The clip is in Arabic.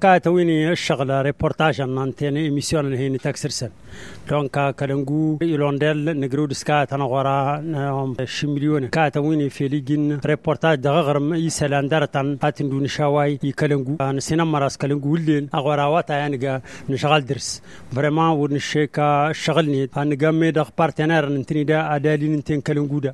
كاتويني الشغلة ريبورتاج نانتيني إميسيون اللي هي تكسرسن دون كا كلنجو يلوندل نجرود سكا تنغورا نعم، شمليون كاتويني في ليجين ريبورتاج دغغرم يسلاندرتن دون شاواي يكلنجو آه، نسينا مراس كلنجو ولين أغورا واتا ينجا نشغل درس فريمون ونشيكا شغلني هنجا آه، ميدغ أخبار تنار نتني دا أدالي نتين دا